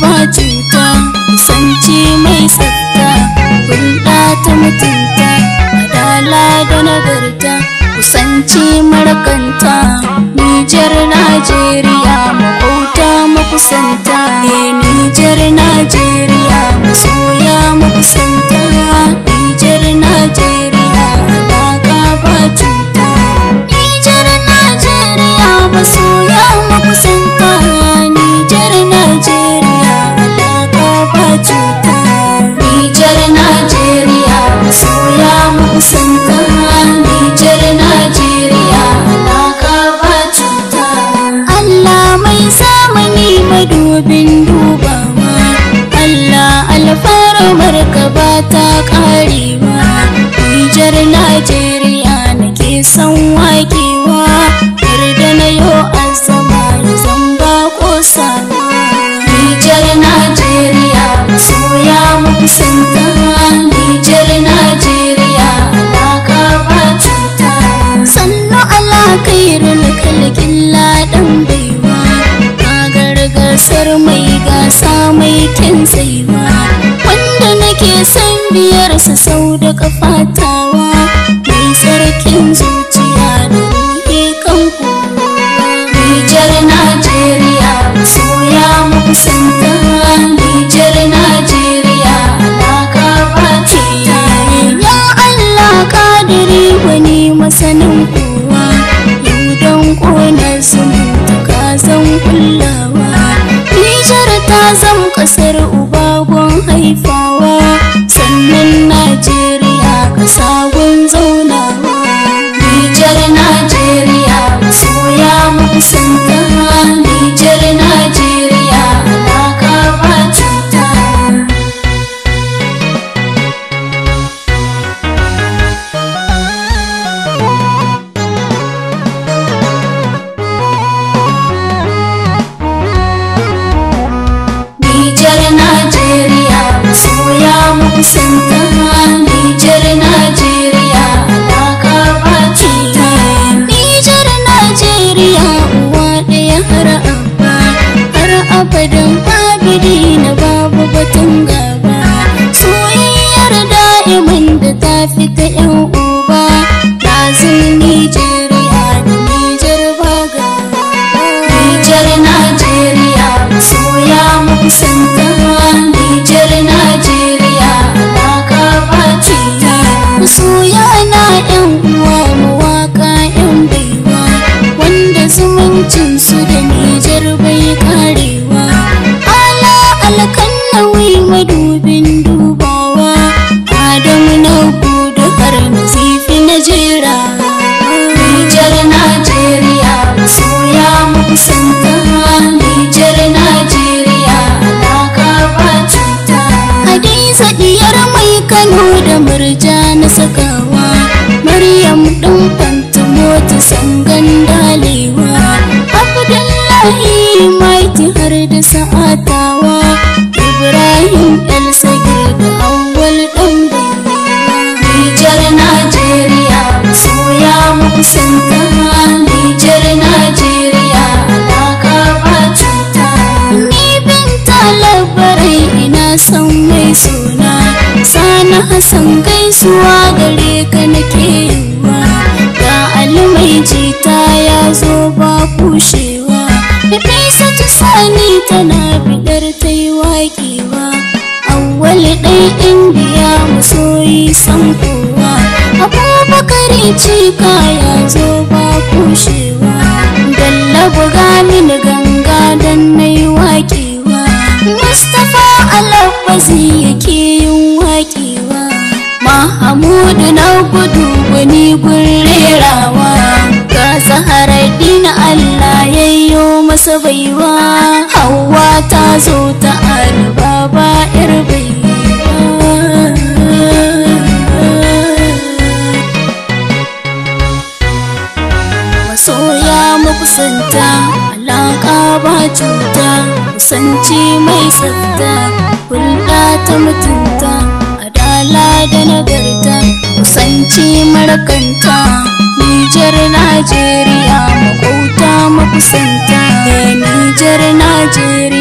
ba cuta mai tsafta hulɗa ta mutunta adala da nagarta kusanci marakanta nijar najeriya mu duba ma Allah alfarmar ka ba ta ma Nijar Najeriya ke san wakewa yarda na yo azama ya zamba ko sama Nijar Najeriya masoya mun santa Nijar Najeriya alaka ba cuta Sannu alakai tantin wanda nake son biyarsa sau da kafatawa mai tsarkin zuciya da ruhe kan Nijar Najeriya masoya mun santa Nijar Najeriya alaka ba ta Ya Allah kadiri wani masanin kowa yau don ƙonar zumunta ka zan kullawa Nijar ta zama ƙasa fadan abidi na babu batun gaba soyayyar da'iman da ta fi ta yan madubin dubawa adamu na da karin zifi na jera nijar najeriya masoya mun san ta nijar najeriya alaka ba cuta a dai sadiyar mai kano da san mai suna sana hasan gaisuwa gare ka nake yiwa ga alimai jita ya zo ba kushewa Nafisa ta sani tana bidar ta yi waƙewa Awwal ɗai indiya masoyi san kowa Abubakar cika ya zo ba kushewa Dalla buga ga. ni gurerawa ga zaharar dina Allah yayyo masa baiwa hawa ta zo ta arba ba yar masoya makusanta alaƙa ba cuta kusanci mai tsafta hulɗa mutunta adala da nagarta kusanci kanta Nijar Najeriya makwauta makusanta Nijar Najeriya